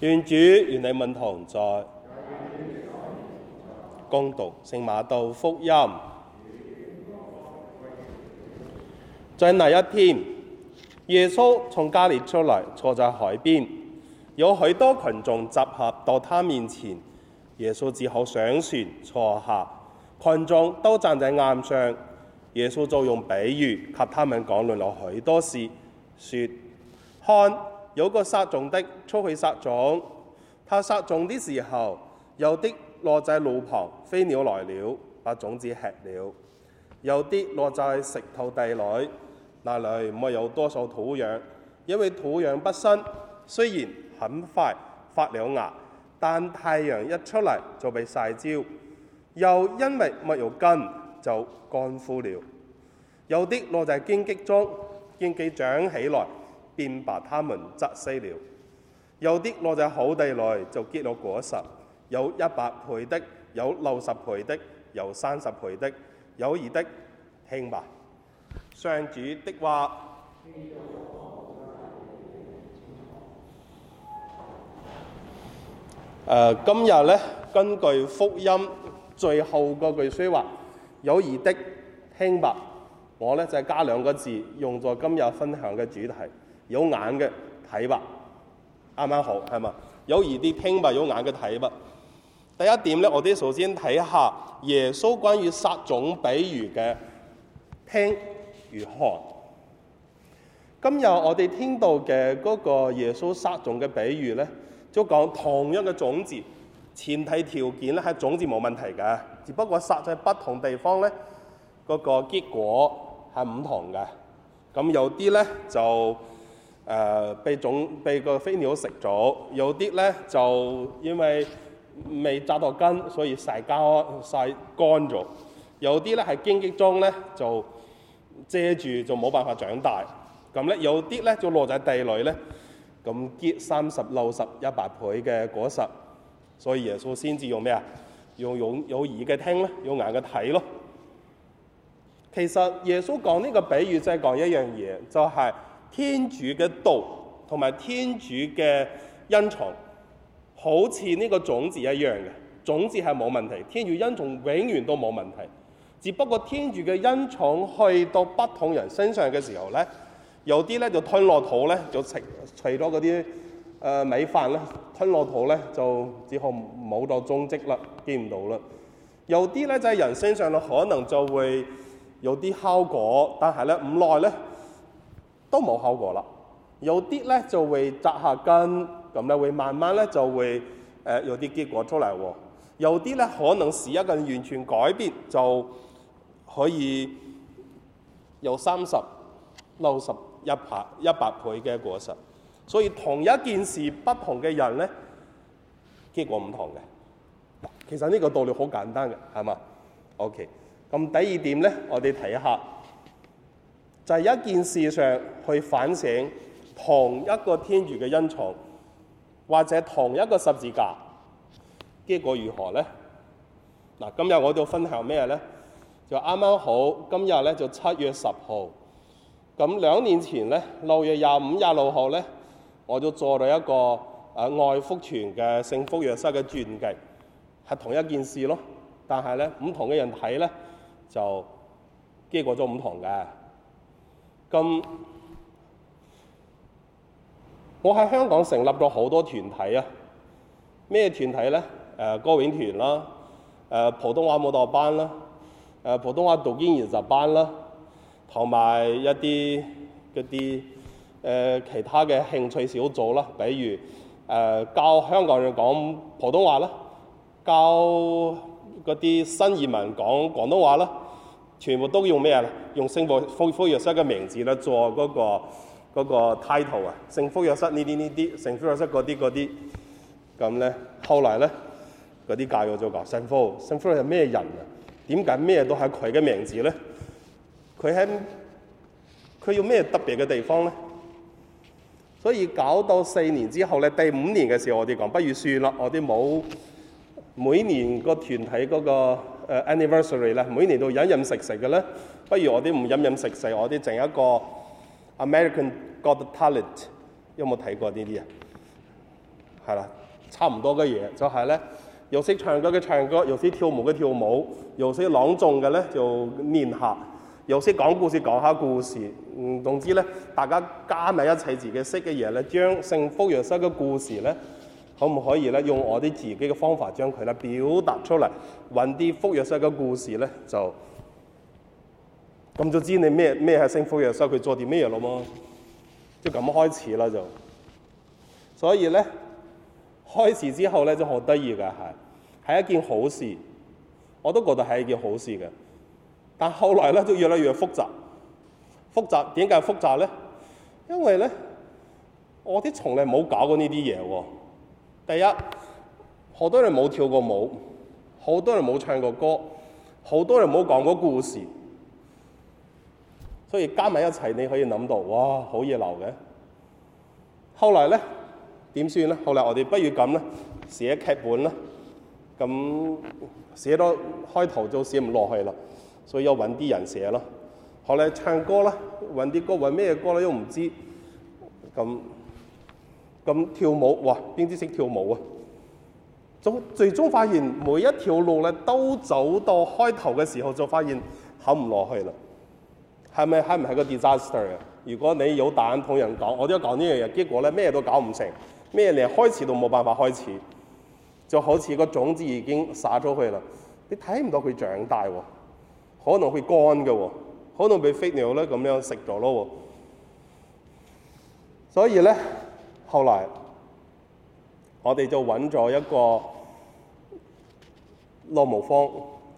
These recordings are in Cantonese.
願主與你同在。恭讀聖馬竇福音。在那一天，耶穌從家裏出來，坐在海邊，有許多群眾集合到他面前。耶穌只好上船坐下，群眾都站在岸上。耶穌就用比喻，給他們講論了許多事，說：看。有個撒種的出去撒種，他撒種的時候，有啲落喺路旁，飛鳥來了，把種子吃了；有啲落喺石土地頭地裏，那裏冇有多少土壤，因為土壤不新，雖然很快發了芽，但太陽一出嚟就被曬焦，又因為冇有根就乾枯了；有啲落喺荊棘中，荊棘長起來。便把他們窒息了，有啲落在好地內就結咗果實，有一百倍的，有六十倍的，有三十倍的，有耳的聽吧。聽」上主的話，今日呢，根據福音最後嗰句説話說，有耳的聽吧。聽」我呢，就是、加兩個字，用在今日分享嘅主題。有眼嘅睇吧，啱啱好係嘛？有耳啲聽吧，有眼嘅睇吧。第一點咧，我哋首先睇下耶穌關於撒種比喻嘅聽如何。今日我哋聽到嘅嗰個耶穌撒種嘅比喻咧，即係講同一個種子前提條件咧，係種子冇問題嘅，只不過撒在不同地方咧，嗰個結果係唔同嘅。咁有啲咧就。誒、呃、被種被個飛鳥食咗，有啲咧就因為未扎到根，所以曬乾晒乾咗；有啲咧喺荊棘中咧就遮住，就冇辦法長大。咁咧有啲咧就落喺地裏咧，咁結三十、六十、一百倍嘅果實。所以耶穌先至用咩啊？用用有耳嘅聽咯，用眼嘅睇咯。其實耶穌講呢個比喻，即係講一樣嘢，就係、是。天主嘅道同埋天主嘅恩寵，好似呢個種子一樣嘅，種子係冇問題，天主恩寵永遠都冇問題。只不過天主嘅恩寵去到不同人身上嘅時候咧，有啲咧就吞落肚咧，就食食咗嗰啲誒米飯咧，吞落肚咧就只好冇咗蹤跡啦，見唔到啦。有啲咧就喺人身上咧，可能就會有啲效果，但係咧唔耐咧。都冇效果啦，有啲咧就會紮下根，咁咧會慢慢咧就會誒、呃、有啲結果出嚟喎，有啲咧可能是一份完全改變就可以有三十、六十、一百、一百倍嘅果實，所以同一件事，不同嘅人咧結果唔同嘅。其實呢個道理好簡單嘅，係嘛？OK。咁第二點咧，我哋睇下。就係一件事上去反省同一個天主嘅恩寵或者同一個十字架，結果如何咧？嗱，今日我要分享咩咧？就啱啱好今日咧就七月十號。咁兩年前咧六月廿五廿六號咧，我就做咗一個誒愛福傳嘅聖福藥室嘅傳記，係同一件事咯。但係咧唔同嘅人睇咧就結果咗唔同嘅。咁我喺香港成立咗好多團體啊，咩團體咧？誒、呃、歌詠團啦，誒、呃、普通話舞蹈班啦，誒、呃、普通話讀經研習班啦，同埋一啲嗰啲誒其他嘅興趣小組啦，比如誒、呃、教香港人講普通話啦，教嗰啲新移民講廣東話啦。全部都用咩咧？用聖福福福若瑟嘅名字咧，做嗰、嗰個、嗰個、title 啊，聖福若瑟呢啲呢啲，聖福若瑟嗰啲嗰啲，咁咧後嚟咧嗰啲教咗就話聖福，聖福係咩人啊？點解咩都係佢嘅名字咧？佢喺佢要咩特別嘅地方咧？所以搞到四年之後咧，第五年嘅時候我哋講不如算啦，我哋冇每年個團體嗰、嗰個。誒 anniversary 咧，uh, Anniversary, 每年都飲飲食食嘅咧，不如我啲唔飲飲食食，我啲整一個 American Got Talent，有冇睇過呢啲啊？係啦，差唔多嘅嘢，就係咧，又識唱歌嘅唱歌，又識跳舞嘅跳舞，又識朗誦嘅咧就念下，又識講故事講下故事，嗯，總之咧，大家加埋一齊自己識嘅嘢咧，將幸福人生嘅故事咧。可唔可以咧用我啲自己嘅方法將佢咧表達出嚟，揾啲福若瑟嘅故事咧，就咁就知你咩咩係聖福若瑟，佢做啲咩嘢咯？就咁開始啦就。所以咧開始之後咧就好得意嘅，係係一件好事，我都覺得係一件好事嘅。但後來咧就越嚟越複雜，複雜，點解複雜咧？因為咧我啲從嚟冇搞過呢啲嘢喎。第一，好多人冇跳過舞，好多人冇唱過歌，好多人冇講過故事，所以加埋一齊，你可以諗到，哇，好熱鬧嘅。後來咧點算咧？後來我哋不如咁咧，寫劇本啦，咁寫到開頭就寫唔落去啦，所以又揾啲人寫咯。後來唱歌啦，揾啲歌揾咩歌咧都唔知道，咁。咁跳舞，哇！邊啲識跳舞啊？總最終發現每一條路咧，都走到開頭嘅時候就發現行唔落去啦。係咪係唔係個 disaster 嘅、啊？如果你有膽同人講，我都要講呢樣嘢，結果咧咩都搞唔成，咩連開始都冇辦法開始，就好似個種子已經撒咗去啦，你睇唔到佢長大喎、哦，可能會乾嘅喎、哦，可能被飛鳥咧咁樣食咗咯喎。所以咧～後嚟我哋就揾咗一個落舞坊，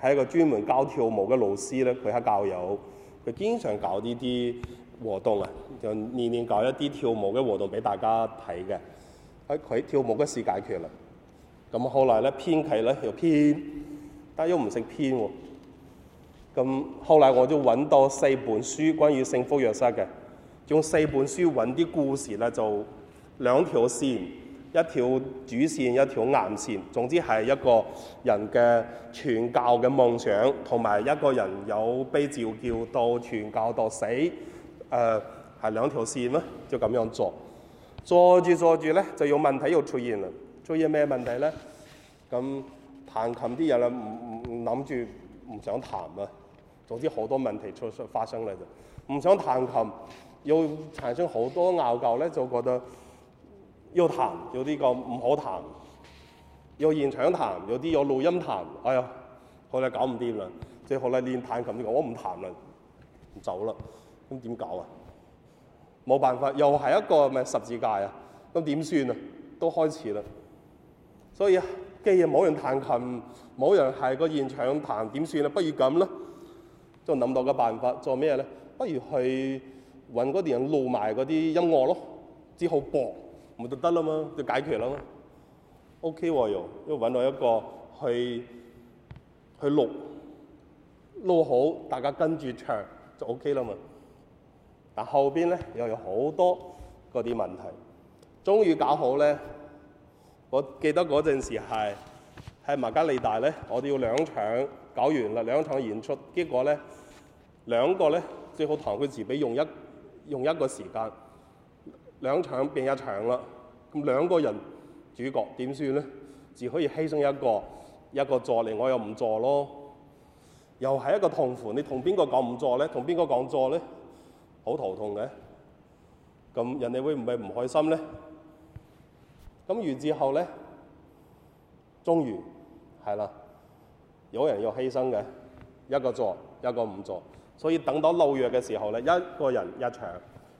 係一個專門教跳舞嘅老師咧，佢係教友，佢經常搞呢啲活動啊，就年年搞一啲跳舞嘅活動俾大家睇嘅。喺佢跳舞嘅事解決啦。咁後嚟咧編劇咧又編，但又唔識編喎。咁後嚟我就揾到四本書關於聖福藥室嘅，用四本書揾啲故事咧就。兩條線，一條主線，一條硬線。總之係一個人嘅傳教嘅夢想，同埋一個人有被召叫到傳教到死。誒、呃，係兩條線啦，就咁樣做。坐住坐住咧，就有問題要出現啦。出現咩問題咧？咁彈琴啲人啦，唔唔諗住唔想彈啦、啊。總之好多問題出發生嚟就唔想彈琴，要產生好多拗撬咧，就覺得。要彈，有啲講唔好彈；要現場彈，有啲有錄音彈。哎呀，好啦搞唔掂啦，即係好啦練彈琴，結我唔彈啦，唔走啦。咁點搞啊？冇辦法，又係一個咩十字架啊？咁點算啊？都開始啦。所以既然冇人彈琴，冇人係個現場彈，點算啊？不如咁啦，就諗到個辦法，做咩咧？不如去搵嗰啲人錄埋嗰啲音樂咯，之後播。冇就得啦嘛，就解決啦嘛。OK 喎、啊、又，要揾到一個去去錄錄好，大家跟住唱就 OK 啦嘛。但後邊咧又有好多嗰啲問題，終於搞好咧。我記得嗰陣時係喺馬加利大咧，我哋要兩場搞完啦，兩場演出。結果咧兩個咧最好唐佢自俾用一用一個時間。兩場變一場啦，咁兩個人主角點算咧？只可以犧牲一個一個坐嚟，我又唔坐咯，又係一個痛苦。你同邊個講唔坐咧？同邊個講坐咧？好頭痛嘅。咁人哋會唔會唔開心咧？咁完之後咧，終於係啦，有人要犧牲嘅，一個坐一個唔坐，所以等到老弱嘅時候咧，一個人一場，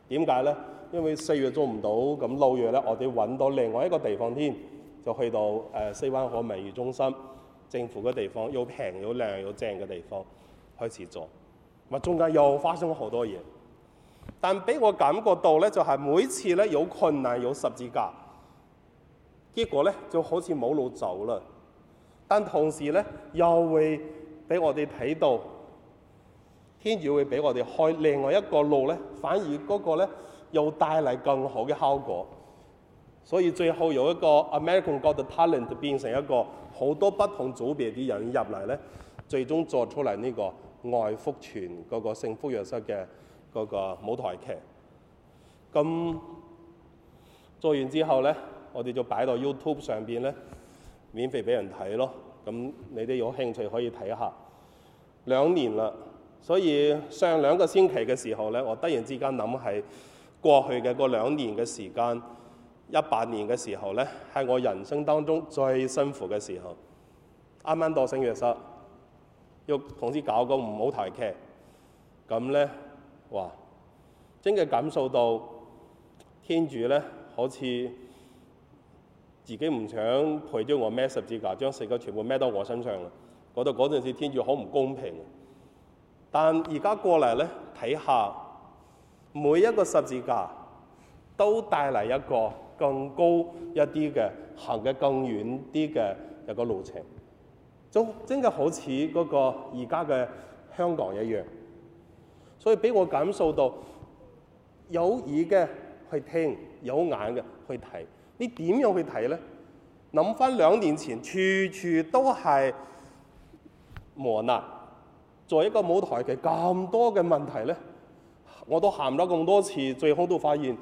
點解咧？因為四月做唔到，咁六月咧，我哋揾到另外一個地方添，就去到誒、呃、西灣河文娛中心政府嘅地方，又平又靚又正嘅地方開始做。咁啊，中間又發生咗好多嘢，但俾我感覺到咧，就係、是、每次咧有困難有十字架，結果咧就好似冇路走啦。但同時咧，又會俾我哋睇到天主會俾我哋開另外一個路咧，反而嗰個咧。又帶嚟更好嘅效果，所以最後由一個 American Got Talent 變成一個好多不同嘅組別啲人入嚟咧，最終做出嚟呢個愛福傳嗰個聖福若瑟嘅嗰個舞台劇。咁做完之後咧，我哋就擺到 YouTube 上面咧，免費俾人睇咯。咁你哋有興趣可以睇下。兩年啦，所以上兩個星期嘅時候咧，我突然之間諗起。過去嘅嗰兩年嘅時間，一八年嘅時候咧，係我人生當中最辛苦嘅時候。啱啱到聖約瑟，要同事搞個唔好提劇，咁咧，嘩真嘅感受到天主咧，好似自己唔想陪咗我孭十字架，將四個全部孭到我身上啦。嗰度嗰陣時候，天主好唔公平。但而家過嚟咧睇下。看看每一個十字架都帶嚟一個更高一啲嘅行嘅更遠啲嘅一個路程，就真嘅好似嗰個而家嘅香港一樣，所以俾我感受到有耳嘅去聽，有眼嘅去睇。你點樣去睇咧？諗返兩年前，處處都係磨難，做一個舞台嘅咁多嘅問題咧。我都行咗咁多次，最後都發現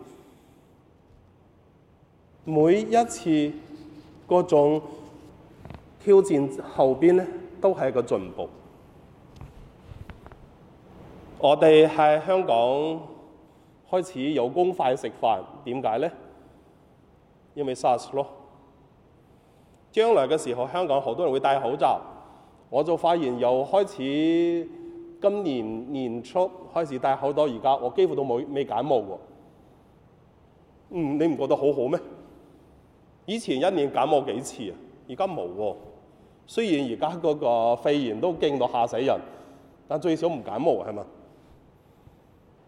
每一次嗰種挑戰後邊呢，都係一個進步。我哋喺香港開始有公筷食飯，點解呢？因為 SARS 咯。將來嘅時候，香港好多人會戴口罩，我就發現又開始。今年年初開始戴口罩，而家我幾乎都冇未感冒喎。嗯，你唔覺得好好咩？以前一年感冒幾次啊，而家冇喎。雖然而家嗰個肺炎都驚到嚇死人，但最少唔感冒係嘛？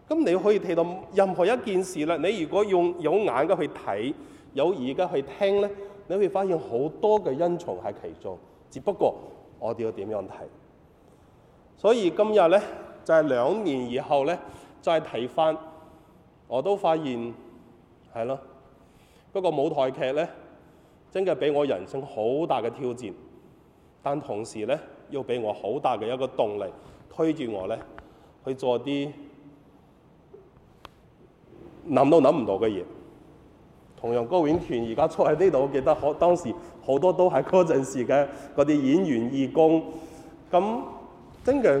咁你可以提到任何一件事啦。你如果用有眼嘅去睇，有耳嘅去聽咧，你會發現好多嘅恩寵喺其中。只不過我哋要點樣睇？所以今日咧，就係、是、兩年以後咧，再睇翻，我都發現係咯，不、嗰個舞台劇咧，真係俾我人生好大嘅挑戰，但同時咧，又俾我好大嘅一個動力，推住我咧去做啲諗都諗唔到嘅嘢。同樣高永權而家出喺呢度，我記得可當時好多都係嗰陣時嘅嗰啲演員義工，咁。真嘅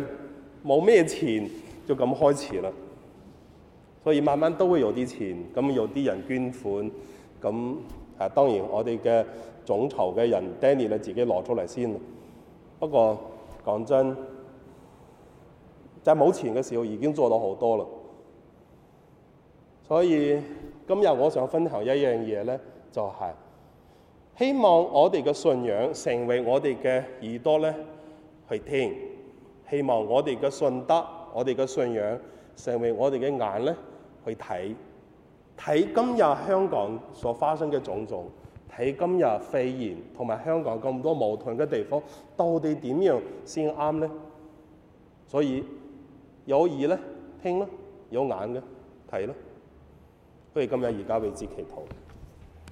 冇咩錢就咁開始啦，所以慢慢都會有啲錢，咁有啲人捐款，咁啊當然我哋嘅總籌嘅人 Danny 你自己攞出嚟先。不過講真，就係冇錢嘅時候已經做到好多啦。所以今日我想分享一樣嘢咧，就係希望我哋嘅信仰成為我哋嘅耳朵咧去聽。希望我哋嘅信德、我哋嘅信仰，成為我哋嘅眼咧，去睇睇今日香港所發生嘅種種，睇今日肺炎同埋香港咁多矛盾嘅地方，到底點樣先啱咧？所以有耳咧，聽啦，有眼嘅睇啦。不如今日而家為之祈禱。